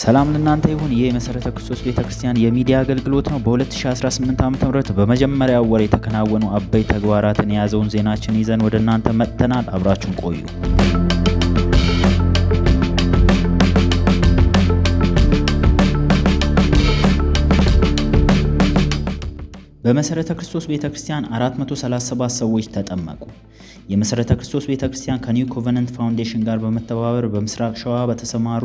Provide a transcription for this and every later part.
ሰላም ለእናንተ ይሁን። ይህ የመሰረተ ክርስቶስ ቤተ ክርስቲያን የሚዲያ አገልግሎት ነው። በ2018 ዓ ም በመጀመሪያው ወር የተከናወኑ አበይ ተግባራትን የያዘውን ዜናችን ይዘን ወደ እናንተ መጥተናል። አብራችሁን ቆዩ። በመሰረተ ክርስቶስ ቤተ ክርስቲያን 437 ሰዎች ተጠመቁ። የመሰረተ ክርስቶስ ቤተ ክርስቲያን ከኒው ኮቨነንት ፋውንዴሽን ጋር በመተባበር በምስራቅ ሸዋ በተሰማሩ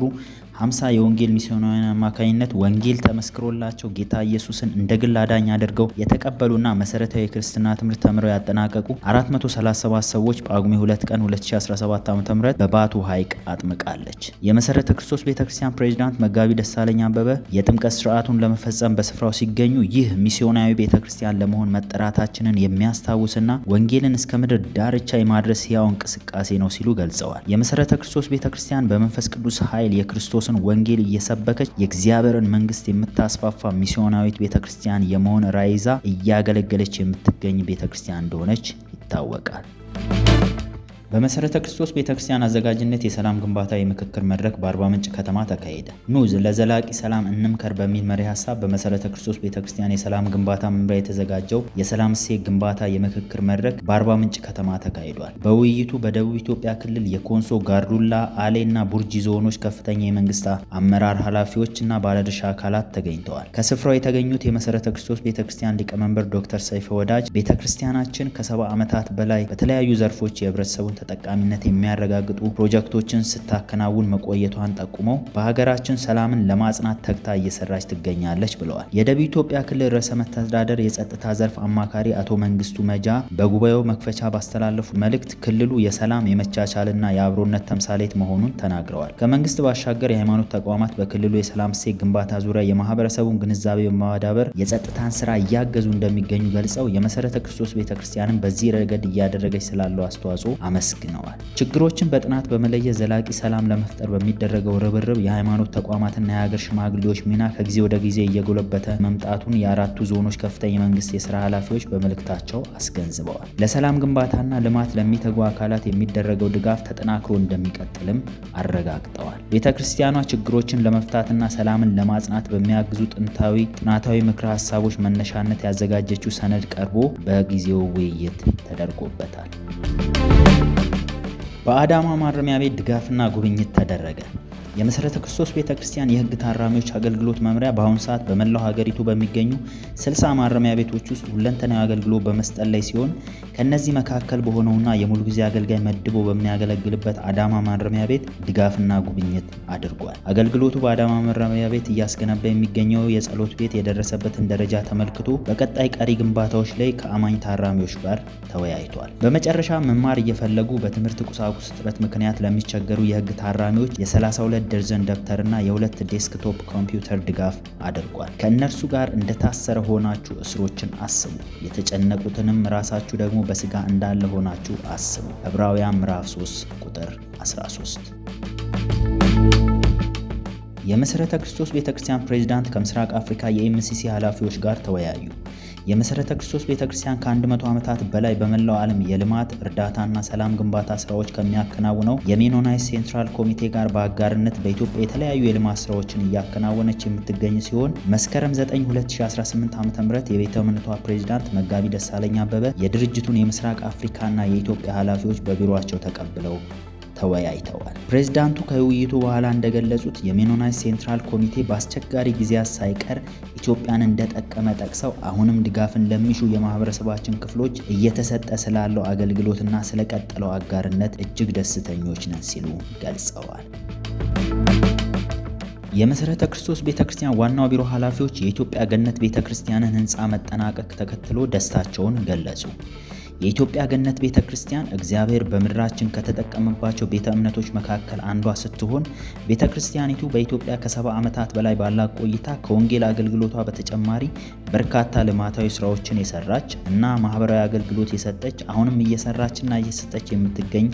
ሀምሳ የወንጌል ሚስዮናውያን አማካኝነት ወንጌል ተመስክሮላቸው ጌታ ኢየሱስን እንደ ግል አዳኝ አድርገው የተቀበሉና መሰረታዊ የክርስትና ትምህርት ተምረው ያጠናቀቁ 437 ሰዎች ጳጉሜ 2 ቀን 2017 ዓ.ም በባቱ ሐይቅ አጥምቃለች። የመሰረተ ክርስቶስ ቤተክርስቲያን ፕሬዚዳንት መጋቢ ደሳለኝ አበበ የጥምቀት ስርዓቱን ለመፈጸም በስፍራው ሲገኙ ይህ ሚስዮናዊ ቤተክርስቲያን ለመሆን መጠራታችንን የሚያስታውስና ወንጌልን እስከ ምድር ዳርቻ የማድረስ ሕያው እንቅስቃሴ ነው ሲሉ ገልጸዋል። የመሰረተ ክርስቶስ ቤተክርስቲያን በመንፈስ ቅዱስ ኃይል የክርስቶስ የክርስቶስን ወንጌል እየሰበከች የእግዚአብሔርን መንግስት የምታስፋፋ ሚስዮናዊት ቤተክርስቲያን የመሆን ራይዛ እያገለገለች የምትገኝ ቤተክርስቲያን እንደሆነች ይታወቃል። በመሰረተ ክርስቶስ ቤተክርስቲያን አዘጋጅነት የሰላም ግንባታ የምክክር መድረክ በአርባ ምንጭ ከተማ ተካሄደ። ኑዝ ለዘላቂ ሰላም እንምከር በሚል መሪ ሀሳብ በመሰረተ ክርስቶስ ቤተክርስቲያን የሰላም ግንባታ መምሪያ የተዘጋጀው የሰላም እሴት ግንባታ የምክክር መድረክ በአርባ ምንጭ ከተማ ተካሂዷል። በውይይቱ በደቡብ ኢትዮጵያ ክልል የኮንሶ ጋርዱላ፣ አሌ እና ቡርጂ ዞኖች ከፍተኛ የመንግስት አመራር ኃላፊዎች እና ባለድርሻ አካላት ተገኝተዋል። ከስፍራው የተገኙት የመሰረተ ክርስቶስ ቤተክርስቲያን ሊቀመንበር ዶክተር ሰይፈ ወዳጅ ቤተክርስቲያናችን ከሰባ ዓመታት በላይ በተለያዩ ዘርፎች የህብረተሰቡን ተጠቃሚነት የሚያረጋግጡ ፕሮጀክቶችን ስታከናውን መቆየቷን ጠቁመው በሀገራችን ሰላምን ለማጽናት ተግታ እየሰራች ትገኛለች ብለዋል። የደቡብ ኢትዮጵያ ክልል ርዕሰ መስተዳደር የጸጥታ ዘርፍ አማካሪ አቶ መንግስቱ መጃ በጉባኤው መክፈቻ ባስተላለፉ መልእክት ክልሉ የሰላም የመቻቻልና የአብሮነት ተምሳሌት መሆኑን ተናግረዋል። ከመንግስት ባሻገር የሃይማኖት ተቋማት በክልሉ የሰላም እሴት ግንባታ ዙሪያ የማህበረሰቡን ግንዛቤ በማዳበር የጸጥታን ስራ እያገዙ እንደሚገኙ ገልጸው የመሰረተ ክርስቶስ ቤተክርስቲያንን በዚህ ረገድ እያደረገች ስላለው አስተዋጽኦ አመስ አመስግነዋል። ችግሮችን በጥናት በመለየት ዘላቂ ሰላም ለመፍጠር በሚደረገው ርብርብ የሃይማኖት ተቋማትና የሀገር ሽማግሌዎች ሚና ከጊዜ ወደ ጊዜ እየጎለበተ መምጣቱን የአራቱ ዞኖች ከፍተኛ የመንግስት የስራ ኃላፊዎች በመልእክታቸው አስገንዝበዋል። ለሰላም ግንባታና ልማት ለሚተጉ አካላት የሚደረገው ድጋፍ ተጠናክሮ እንደሚቀጥልም አረጋግጠዋል። ቤተ ክርስቲያኗ ችግሮችን ለመፍታትና ሰላምን ለማጽናት በሚያግዙ ጥንታዊ ጥናታዊ ምክረ ሀሳቦች መነሻነት ያዘጋጀችው ሰነድ ቀርቦ በጊዜው ውይይት ተደርጎበታል። በአዳማ ማረሚያ ቤት ድጋፍና ጉብኝት ተደረገ። የመሠረተ ክርስቶስ ቤተ ክርስቲያን የህግ ታራሚዎች አገልግሎት መምሪያ በአሁኑ ሰዓት በመላው ሀገሪቱ በሚገኙ 60 ማረሚያ ቤቶች ውስጥ ሁለንተናዊ አገልግሎት በመስጠት ላይ ሲሆን ከእነዚህ መካከል በሆነውና የሙሉ ጊዜ አገልጋይ መድቦ በሚያገለግልበት አዳማ ማረሚያ ቤት ድጋፍና ጉብኝት አድርጓል። አገልግሎቱ በአዳማ ማረሚያ ቤት እያስገነባ የሚገኘው የጸሎት ቤት የደረሰበትን ደረጃ ተመልክቶ በቀጣይ ቀሪ ግንባታዎች ላይ ከአማኝ ታራሚዎች ጋር ተወያይቷል። በመጨረሻ መማር እየፈለጉ በትምህርት ቁሳቁስ እጥረት ምክንያት ለሚቸገሩ የህግ ታራሚዎች የ32 የሁለት ደርዘን ደብተርና የሁለት ዴስክቶፕ ኮምፒውተር ድጋፍ አድርጓል። ከእነርሱ ጋር እንደታሰረ ሆናችሁ እስሮችን አስቡ፣ የተጨነቁትንም ራሳችሁ ደግሞ በስጋ እንዳለ ሆናችሁ አስቡ። ዕብራውያን ምዕራፍ 3 ቁጥር 13። የመሠረተ ክርስቶስ ቤተክርስቲያን ፕሬዝዳንት ከምስራቅ አፍሪካ የኤምሲሲ ኃላፊዎች ጋር ተወያዩ። የመሰረተ ክርስቶስ ቤተ ክርስቲያን ከ100 ዓመታት በላይ በመላው ዓለም የልማት እርዳታና ሰላም ግንባታ ስራዎች ከሚያከናውነው የሜኖናይት ሴንትራል ኮሚቴ ጋር በአጋርነት በኢትዮጵያ የተለያዩ የልማት ስራዎችን እያከናወነች የምትገኝ ሲሆን መስከረም 9 2018 ዓ ም የቤተ እምነቷ ፕሬዚዳንት መጋቢ ደሳለኝ አበበ የድርጅቱን የምስራቅ አፍሪካና የኢትዮጵያ ኃላፊዎች በቢሮቸው ተቀብለው ተወያይተዋል። ፕሬዝዳንቱ ከውይይቱ በኋላ እንደገለጹት የሜኖናይት ሴንትራል ኮሚቴ በአስቸጋሪ ጊዜያት ሳይቀር ኢትዮጵያን እንደጠቀመ ጠቅሰው አሁንም ድጋፍን ለሚሹ የማህበረሰባችን ክፍሎች እየተሰጠ ስላለው አገልግሎትና ስለቀጠለው አጋርነት እጅግ ደስተኞች ነን ሲሉ ገልጸዋል። የመሰረተ ክርስቶስ ቤተክርስቲያን ዋናው ቢሮ ኃላፊዎች የኢትዮጵያ ገነት ቤተክርስቲያንን ህንፃ መጠናቀቅ ተከትሎ ደስታቸውን ገለጹ። የኢትዮጵያ ገነት ቤተ ክርስቲያን እግዚአብሔር በምድራችን ከተጠቀመባቸው ቤተ እምነቶች መካከል አንዷ ስትሆን ቤተ ክርስቲያኒቱ በኢትዮጵያ ከሰባ ዓመታት በላይ ባላት ቆይታ ከወንጌል አገልግሎቷ በተጨማሪ በርካታ ልማታዊ ስራዎችን የሰራች እና ማህበራዊ አገልግሎት የሰጠች አሁንም እየሰራችና እየሰጠች የምትገኝ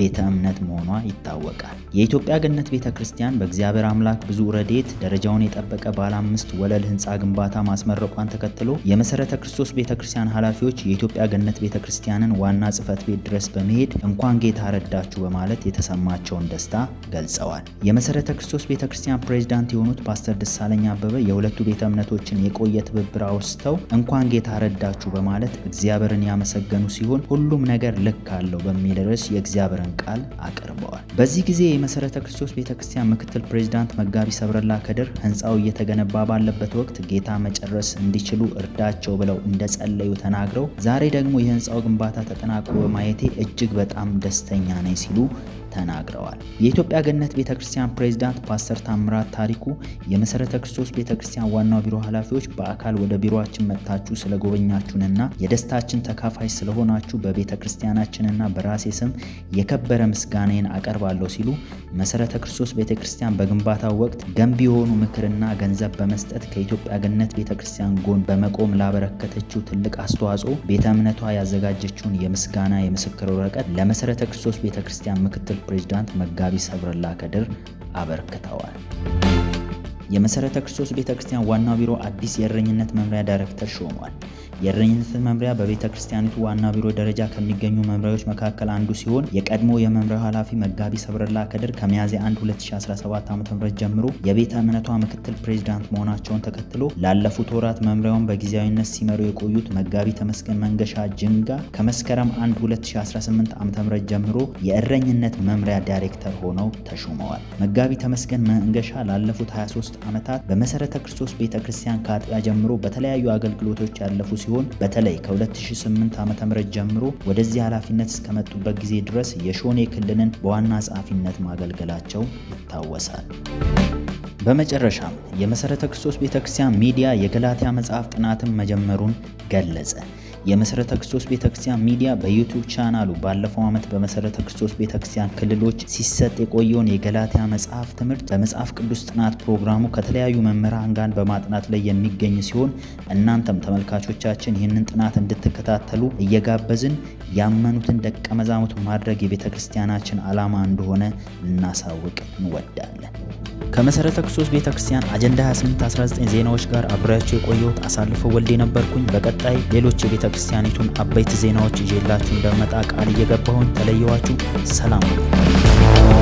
ቤተ እምነት መሆኗ ይታወቃል። የኢትዮጵያ ገነት ቤተ ክርስቲያን በእግዚአብሔር አምላክ ብዙ ረድኤት ደረጃውን የጠበቀ ባለ አምስት ወለል ህንፃ ግንባታ ማስመረቋን ተከትሎ የመሰረተ ክርስቶስ ቤተ ክርስቲያን ኃላፊዎች የኢትዮጵያ ገነት ቤተ ክርስቲያንን ዋና ጽህፈት ቤት ድረስ በመሄድ እንኳን ጌታ ረዳችሁ በማለት የተሰማቸውን ደስታ ገልጸዋል። የመሰረተ ክርስቶስ ቤተ ክርስቲያን ፕሬዝዳንት የሆኑት ፓስተር ደሳለኝ አበበ የሁለቱ ቤተ እምነቶችን የቆየ ትብብር አውስተው እንኳን ጌታ ረዳችሁ በማለት እግዚአብሔርን ያመሰገኑ ሲሆን ሁሉም ነገር ልክ አለው በሚል ርዕስ የእግዚአብሔርን ቃል አቅርበዋል። በዚህ ጊዜ የመሠረተ ክርስቶስ ቤተ ክርስቲያን ምክትል ፕሬዝዳንት መጋቢ ሰብረላ ከድር ህንፃው እየተገነባ ባለበት ወቅት ጌታ መጨረስ እንዲችሉ እርዳቸው ብለው እንደጸለዩ ተናግረው ዛሬ ደግሞ የህንፃው ግንባታ ተጠናቆ በማየቴ እጅግ በጣም ደስተኛ ነኝ ሲሉ ተናግረዋል። የኢትዮጵያ ገነት ቤተ ክርስቲያን ፕሬዚዳንት ፓስተር ታምራት ታሪኩ የመሰረተ ክርስቶስ ቤተ ክርስቲያን ዋናው ቢሮ ኃላፊዎች በአካል ወደ ቢሮችን መጥታችሁ ስለጎበኛችሁንና የደስታችን ተካፋይ ስለሆናችሁ በቤተ ክርስቲያናችንና በራሴ ስም የከበረ ምስጋናዬን አቀርባለሁ ሲሉ መሰረተ ክርስቶስ ቤተ ክርስቲያን በግንባታው ወቅት ገንቢ የሆኑ ምክርና ገንዘብ በመስጠት ከኢትዮጵያ ገነት ቤተ ክርስቲያን ጎን በመቆም ላበረከተችው ትልቅ አስተዋጽኦ ቤተ እምነቷ ያዘጋጀችውን የምስጋና የምስክር ወረቀት ለመሰረተ ክርስቶስ ቤተ ክርስቲያን ምክትል ፕሬዝዳንት መጋቢ ሰብረላ ከድር አበርክተዋል። የመሠረተ ክርስቶስ ቤተ ክርስቲያን ዋናው ቢሮ አዲስ የእረኝነት መምሪያ ዳይሬክተር ሾሟል። የእረኝነት መምሪያ በቤተ ክርስቲያኒቱ ዋና ቢሮ ደረጃ ከሚገኙ መምሪያዎች መካከል አንዱ ሲሆን የቀድሞ የመምሪያው ኃላፊ መጋቢ ሰብረላ ከድር ከሚያዝያ 1 2017 ዓ ም ጀምሮ የቤተ እምነቷ ምክትል ፕሬዚዳንት መሆናቸውን ተከትሎ ላለፉት ወራት መምሪያውን በጊዜያዊነት ሲመሩ የቆዩት መጋቢ ተመስገን መንገሻ ጅንጋ ከመስከረም 1 2018 ዓ ም ጀምሮ የእረኝነት መምሪያ ዳይሬክተር ሆነው ተሹመዋል። መጋቢ ተመስገን መንገሻ ላለፉት 23 ዓመታት በመሠረተ ክርስቶስ ቤተ ክርስቲያን ከአጥቢያ ጀምሮ በተለያዩ አገልግሎቶች ያለፉ ሲሆን ሲሆን በተለይ ከ2008 ም ጀምሮ ወደዚህ ኃላፊነት እስከመጡበት ጊዜ ድረስ የሾኔ ክልልን በዋና ጸሐፊነት ማገልገላቸው ይታወሳል። በመጨረሻም የመሠረተ ክርስቶስ ቤተክርስቲያን ሚዲያ የገላትያ መጽሐፍ ጥናትን መጀመሩን ገለጸ። የመሰረተ ክርስቶስ ቤተክርስቲያን ሚዲያ በዩቱብ ቻናሉ ባለፈው ዓመት በመሰረተ ክርስቶስ ቤተክርስቲያን ክልሎች ሲሰጥ የቆየውን የገላትያ መጽሐፍ ትምህርት በመጽሐፍ ቅዱስ ጥናት ፕሮግራሙ ከተለያዩ መምህራን ጋር በማጥናት ላይ የሚገኝ ሲሆን እናንተም ተመልካቾቻችን ይህንን ጥናት እንድትከታተሉ እየጋበዝን ያመኑትን ደቀ መዛሙርት ማድረግ የቤተ ክርስቲያናችን ዓላማ እንደሆነ ልናሳውቅ እንወዳለን። ከመሰረተ ክርስቶስ ቤተ ክርስቲያን አጀንዳ 2819 ዜናዎች ጋር አብሬያቸው የቆየሁት አሳልፈው ወልዴ ነበርኩኝ። በቀጣይ ሌሎች የቤተ ክርስቲያኒቱን አበይት ዜናዎች ይዤላችሁ እንደመጣ ቃል እየገባሁኝ ተለየዋችሁ። ሰላም